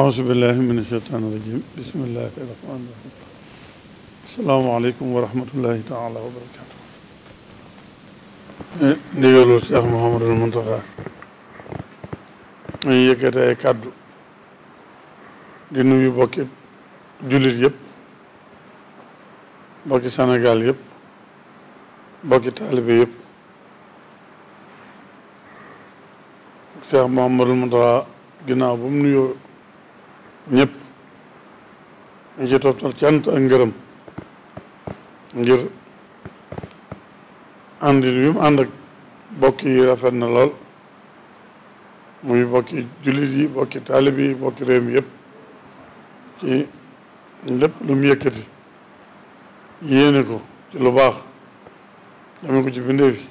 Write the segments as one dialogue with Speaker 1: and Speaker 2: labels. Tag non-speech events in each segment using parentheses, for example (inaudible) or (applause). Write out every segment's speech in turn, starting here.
Speaker 1: auzu billahi min asheytaani rajim bismillahi rahmaani rahim asalaamaaleykum wa rahmatullahi taala wa eh, ay kàddu di nuyu bokki jullit yëpp bokki Sénégal yëpp bokki taalibe yëpp Cheikh Mouhamadul Muntaxa ginnaaw bu mu nuyoo ñëpp ñu ci toftal cant ak ngërëm ngir àndi bi ànd ak bokk yi rafet na lool muy bokki jullit yi bokki taalib yi bokki réew mi yëpp ci lépp lu mu yëkkati yéene ko ci lu baax dame ko ci bindéef yi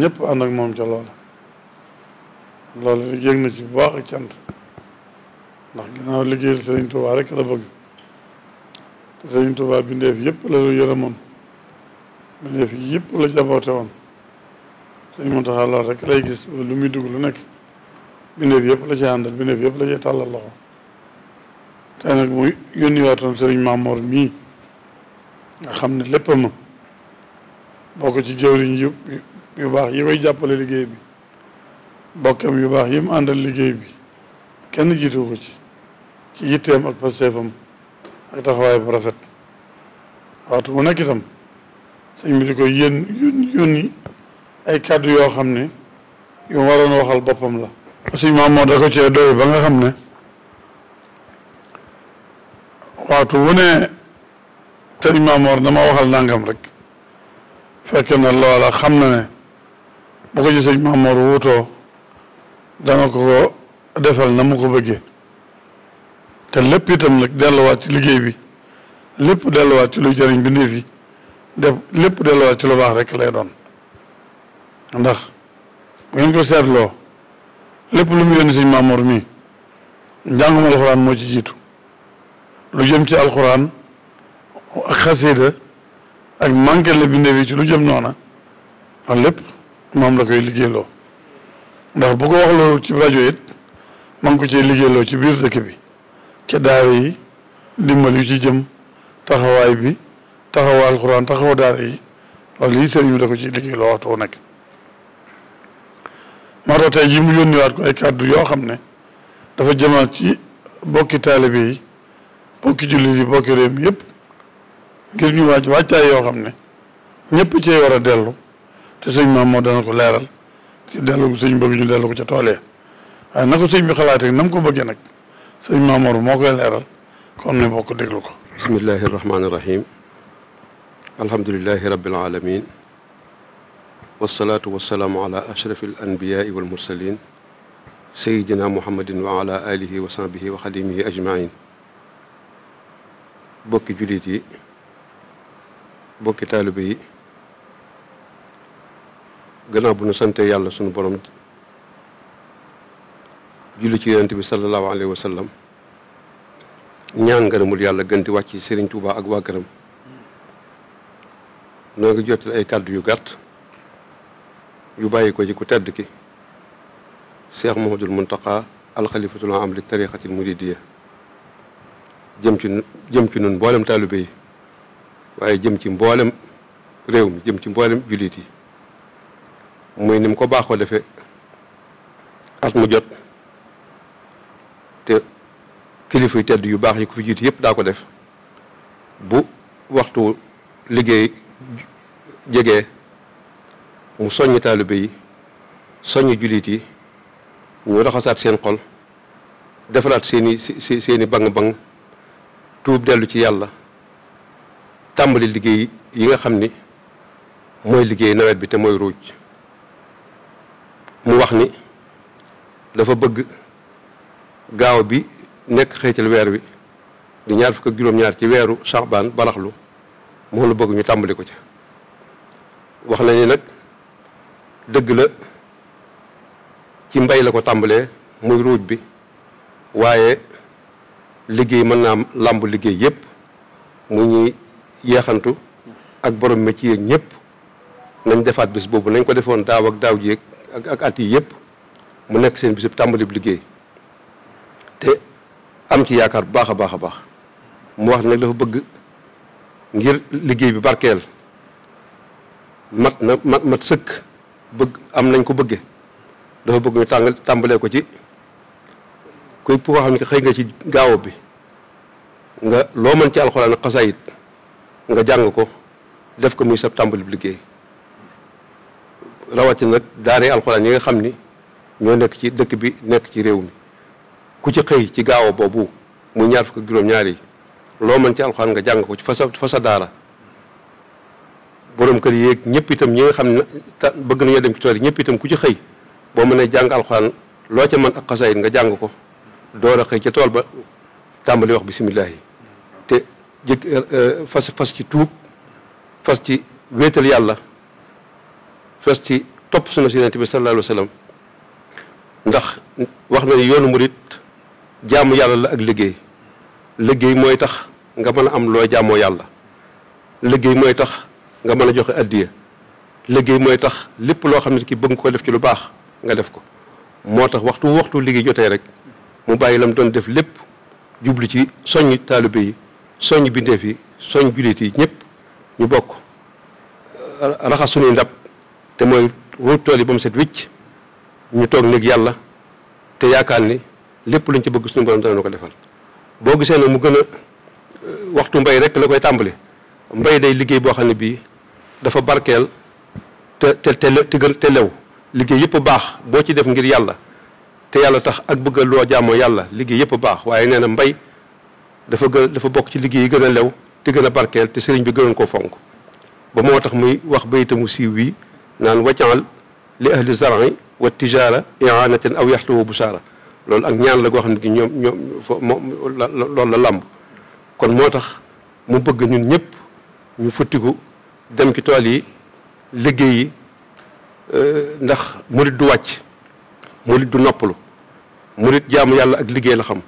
Speaker 1: ñëpp ànd ak moom ca loola loolu yëg na ci bu baax ak cant ndax ginnaaw liggéeyal Sëriñ Tuubaa rek la bëgg te Sëriñ Tuubaa bindeef yëpp la lu yërëmoon bindeef yëpp la jaboote woon Sëriñ Muntaxa lool rek lay gis lu muy dugg lu nekk yëpp la ci àndal bindeef yëpp la ci tàllal loxo tey nag mu yónni waatoon Sëriñ Maamoor mii nga xam ne lépp ma ci jëwriñ yu yu baax yi koy jàppale liggéey bi bokkam yu baax yi mu àndal liggéey bi kenn jiitu ko ci ci yitteem ak pasteefam ak taxawaay bu rafet waatu mu nekk itam sëñ bi di ko yén yónni ay kàddu yoo xam ne yu waroon waxal boppam la sëñ maam moo da ko cee ba nga xam ne waxtu wu ne te imaamoor dama waxal nangam rek fekk na loola xam na ne bu ko ci sëñ maamoor wutoo danga ko defal na mu ko bëggee te lépp itam nag delluwaat ci liggéey bi lépp delluwaat ci lu jëriñ bi ndéef yi def lépp dellowaat ci lu baax rek lay doon ndax bu ngeen ko seetloo lépp lu mu yónni sëñ Maamoor mii njàngum alxuraan moo ci jiitu lu jëm ci alxuraan ak xasiida ak manqué la bindee bi ci lu jëm noona ak lépp moom la koy liggéeyloo ndax bu ko wax waxloo ci rajo it ma ngi ko cee liggéeyloo ci biir dëkk bi ca daara yi ndimbal yu ci jëm taxawaay bi taxawa alxuraan taxawa daara yi loolu lii sëriñ bi da ko ci liggéey loo waxtu nekk moo tax tey ji mu yónniwaat ko ay kàddu yoo xam ne dafa jëmaat ci bokki taalibe yi bokki jullit yi bokki réew mi yëpp ngir ñu waaj wàccaay yoo xam ne ñëpp cee war a dellu te sëñ maam moo dana ko leeral ci dellu sëñ bëgg ñu dellu ko ca tool ya waaye na ko sëñ bi xalaatee nam ko bëggee nag sëñ Mamour moo koy leeral kon ne bokk déglu ko
Speaker 2: bismillahi irrahmani irrahim alhamdulilahi rabbil alamin wasalaatu wasalaamu ala ashrafi al anbiyaai wal mursalin sayidina muhammadin wa ala alihi wa sahbihi wa xadimihi ajmain bokki jullit yi bokki taalibe yi gannaaw bu nu sante yàlla sunu borom julli ci yonent bi sallallahu alayhi wa sallam ñaan ngërëmul yàlla gën di wàcc Serigne Touba ak waa gërëm noo ngi jottali ay kàddu yu gàtt yu bàyyi ko ci ku tedd ki Cheikh Mouhamadoul Mountakha alxalifatul am li tariqatil muridiyya jëm ci jëm ci nun mboolem taalibe yi waaye jëm ci mboolem réew mi jëm ci mboolem jullit yi muy ni mu ko baaxoo defee at mu jot te kilifa yu tedd yu baax yi ko fi jiitu yëpp daa ko def bu waxtu liggéey jege mu soññi taalibe yi soññi jullit yi mu raxasaat seen xol defaraat seeni i seen i tuub dellu ci yàlla tàmbali liggéey yi nga xam ni mooy liggéey nawet bi te mooy ruuj mu wax ni dafa bëgg gaaw bi nekk xëytal weer wi di ñaar fukk ak juróom-ñaar ci weeru saxbaan baraxlu moom la bëgg ñu tàmbali ko ca wax nañu nag dëgg la ci mbay la ko tàmbalee muy ruuj bi waaye liggéey mën naa làmb liggéey yépp mu ñuy yeexantu ak borom métier ñëpp nañ defaat bis boobu nañ ko defoon daaw ak daaw ji ak ak at yi yépp mu nekk seen bisub tàmbalib liggéey te am ci yaakaar bu baax a baax a baax mu wax nag dafa bëgg ngir liggéey bi barkeel mat na mat mat sëkk bëgg am nañ ko bëgge dafa bëgg ñu tàng tàmbalee ko ci kuy koo xam ne xëy nga ci gaawo bi nga loo mën ci alxuraan xasaayit nga jàng ko def ko muy sa tàmbali bu liggéey rawatina nag daaree alxuraan yi nga xam ni ñoo nekk ci dëkk bi nekk ci réew mi ku ci xëy ci gaaw boobu mu ñaar fukk juróom-ñaar loo mën ci alxuraan nga jàng ko ci fasa fasa daara borom kër yeeg ñëpp itam ñi nga xam ne bëgg nañoo dem yi ñëpp ku ci xëy boo mënee jàng alxuraan loo ca mën ak xasaayit nga jàng ko door xëy ca tool ba tàmbali wax bisimilah yi te jëkk euh, euh, fas fas ci tuub fas ci wéetal yàlla fas ci topp sunu si yonent bi sallallahu alayhi ndax wax na yoonu murit jaamu yàlla la ak liggéey liggéey mooy tax nga mën a am loo jaamoo yàlla liggéey mooy tax nga mën a joxe addiya liggéey mooy tax lépp loo xam ne ki bëgg nga ko def ci lu baax nga def ko moo tax waxtu waxtu liggéey jotee rek mu bàyyi lam doon def lépp jublu ci soññ taalibe yi soññ bindeef yi soññ jullit yi ñëpp ñu bokk raxas suñuy ndab te mooy ruuj tool yi ba mu set wicc ñu toog néeg yàlla te yaakaar ni lépp luñ ci bëgg suñu borom dana ko defal boo gisee ne mu gën a euh, waxtu mbay rek la koy tàmbali mbay day liggéey boo xam ne bii dafa barkeel te te te gën te lew liggéey yëpp baax boo ci def ngir yàlla te yàlla tax ak bëgg loo jàmm yàlla liggéey yëpp baax waaye nee na mbay dafa gën dafa bokk ci liggéey yi gën a lew te gën a barkeel te sëriñ bi gënoon koo fonk ba moo tax muy wax baytamu siiw wii naan wajaal li ahli zarai wa tijaara iaanatan aw yaxluwa busaara loolu ak ñaan la goo xam ne gi ñoom ñoom moom loolu la làmb kon moo tax mu bëgg ñun ñëpp ñu futtiku dem ci tool yi liggéey yi euh, ndax murit du wàcc murit du noppalu murit jaamu yàlla ak liggéey la xam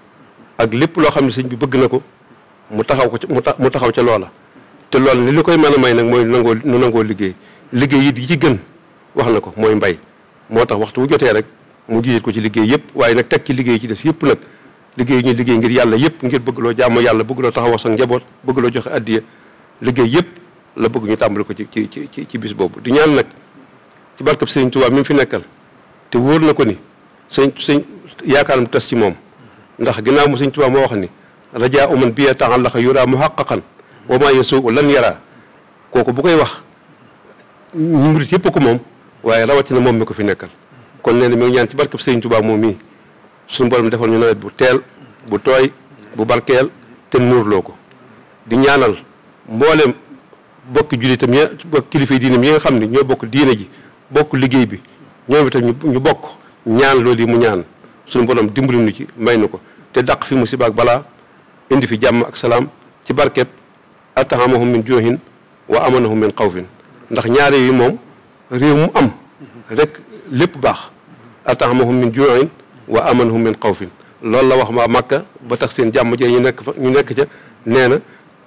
Speaker 2: ak lépp loo xam ne sëñ bi bëgg na ko mu taxaw ko mu taxaw ca loola te loolu li li koy mën a may nag mooy nangoo nangoo liggéey liggéey yi di ci gën wax na ko mooy mbay moo tax waxtu wu jotee rek mu jiite ko ci liggéey yëpp waaye nag teg ci liggéey ci des yëpp nag liggéey ñu liggéey ngir yàlla yëpp ngir bëgg loo jaamu yàlla bëgg loo taxawoo sa njaboot bëgg loo joxe addiya liggéey yëpp la bëgg ñu tàmbali ko ci ci ci ci bis boobu du ñaan nag ci barkab sëriñ Tuubaa mi mu fi nekkal te wóor na ko ni sëñ sëñ yaakaaram tas ci moom ndax ginnaaw mu sëñ Tuubaa moo wax ni rajaa uman biya ta'allaqa yura muhaqqaqan wa ma yasuu lan yara kooku bu koy wax ñu murit yëpp moom waaye rawatina moom mi ko fi nekkal kon nee na mi ngi ñaan ci barkeb Sëriñ Tuubaa moom su suñu borom defal ñu nawet bu teel bu tooy bu barkeel te nuurloo ko di ñaanal mboolem bokk jullitam ya bokk kilifa diinam yi nga xam ne ñoo bokk diine ji bokk liggéey bi ñoom itam ñu bokk ñaan loolu yi mu ñaan suñu mboolam dimbali nu ci may nu ko te daq fi mu sibaak balaa indi fi jàmm ak salaam ci barkeb atahamahum min joohin wa amanahum min xawfin ndax ñaare yi moom réew mu am rek lépp baax ataamahum min juuin wa amanhum min xawfin loolu la wax ma màkka ba tax seen jàmm jee ñu nekk fa ñu nekk ca nee na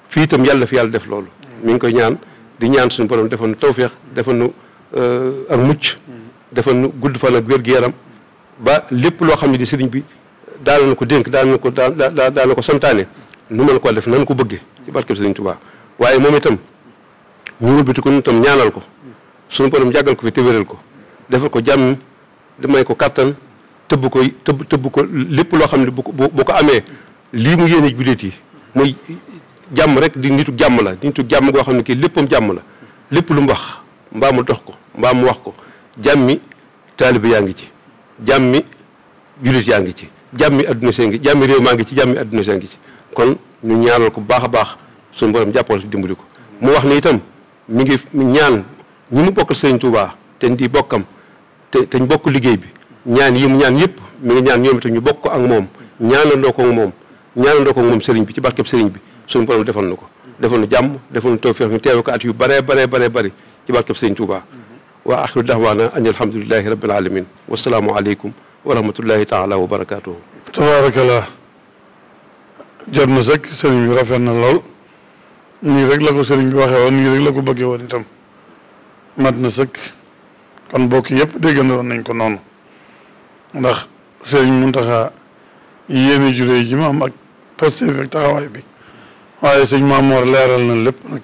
Speaker 2: fii itam yàlla fi yàlla def loolu mi ngi koy ñaan di ñaan suñu borom defal nu tawféex defal nu euh, mucc defal nu gudd fan ak wér-gu-yaram ba lépp loo xam ne di sëriñ bi daal na ko dénk daal na ko daal daal na ko santaane nu mel ko def nan ko bëggee ci barkeb sëriñ Tuubaa waaye moom itam ñu wëlbati ko ñu itam ñaanal ko suñu borom jàggal ko fi téwéral ko defal ko jàmm damay ko kàttan tëbb ko tëbb tëbb ko lépp loo xam ne bu bu ko amee lii mu yéene jullit yi muy jàmm rek di nitu jàmm la nitu jàmm goo xam ne kii léppam jàmm la lépp lu mu wax mbaa mu dox ko mbaa mu wax ko jàmmi taalibe yaa ngi ci jàmmi jullit yaa ngi ci jàmmi adduna see ngi jàmmi réew maa ngi ci jàmmi adduna see ngi ci kon ñu ñaanal ko baax a baax suñu borom jàppal si dimbali ko mu wax ni itam mu ngi ñaan ñi mu bokkal Sëriñ Tuubaa te di bokkam te te ñu bokk liggéey bi ñaan yi mu ñaan yëpp mi ngi ñaan ñoom itam ñu bokk ko ak moom ñaanandoo ko ak moom ñaanandoo ko ak moom sëriñ bi ci barkeb sëriñ bi suñu borom defal na ko defal na jàmm defal na tawfeex ñu teewe ko at yu bare bare bare bëri ci barkeb sëriñ Touba wa axiru dahwaana an alhamdulilahi rabbil alamin wasalaamu aleykum wa rahmatullahi taala wa barakatuhu
Speaker 1: tabaarakallah jot na sëkk sëriñ bi rafet na lool nii rek la ko sëriñ bi waxee nii rek la ko bëggee woon itam mat na sëkk kon mbokk yëpp déggandoon nañ ko noonu ndax sëriñ Muntaxa yéene juree ji ma am ak pasté bi ak taxawaay bi waaye sëñ Maamoor leeral na lépp nag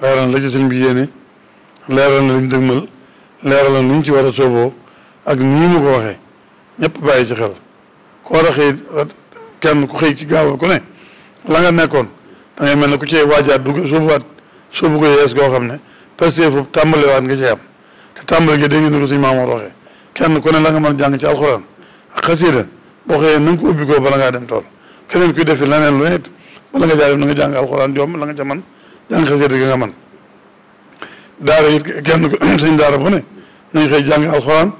Speaker 1: leeral na la sëñ bi yéene leeral na liñ dëgmal leeral na niñ ci war a sooboo ak nii mu ko waxee ñëpp bàyyi ci xel ku war a xëy kenn ku xëy ci gaawal ko ne la nga nekkoon da mel ne ku cee waajaat dugg soobuwaat soobu ko yees goo xam ne pasté foofu tàmbaliwaat nga cee am tàmbali gi dégg ngeen ko suñu maamoor waxee kenn ku ne la nga mën jàng ci alxuraan ak xasiida boo xëyee na nga ko ubbi ko bala ngaa dem tool keneen kuy defi leneen lu nit bala nga jaa dem na nga jàng alxuraan jom la nga ca man jàng xasiida gi nga man daara it kenn suñ (coughs) ne nañ xëy jàng alxuraan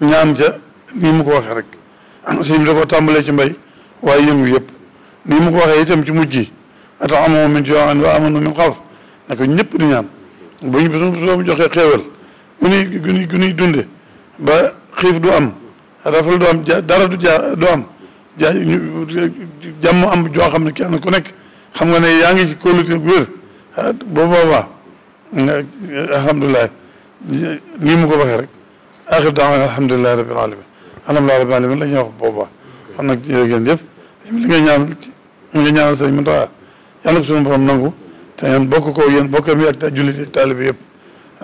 Speaker 1: ñaan ca nii mu ko waxee rek suñ (coughs) da ko tàmbalee ci mbay waaye yëngu yëpp nii mu ko waxee itam ci mujj gi ata amoo min ci yoo xam ne wa amanu ñëpp di ñaan bu ñu doom joxee xéewal gu nuy gu nuy dunde ba xiif du am rafal du am ja dara du ja du am ja jàmm am joo xam ne kenn ku nekk xam nga ne yaa ngi ci kóolute gu wér ah, boo boobaa alhamdulilah nii mu ko waxee rek axir daawana alhamdulilahi rabbil alamin alhamdulilahi rabbil alamin la ñuy wax boobaa xam nag yéen yëpp li nga ñaan nga ñaanal sëñ Muntaxa yàlla ko suñu borom nangu te ngeen bokk ko yéen bokkam yi ak jullit yi ak taalibe yëpp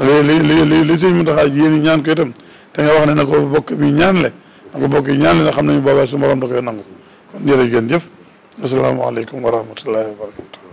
Speaker 1: li li li li suñ Muntaxa yéen ñaan ko itam te nga wax ne na ko bokk bi ñaanle na ko bokk yi ñaanle na xam nañu boobaa su morom da koy nangu kon jërë ngeen jëf asalaamaaleykum wa rahmatullahi wa barakatu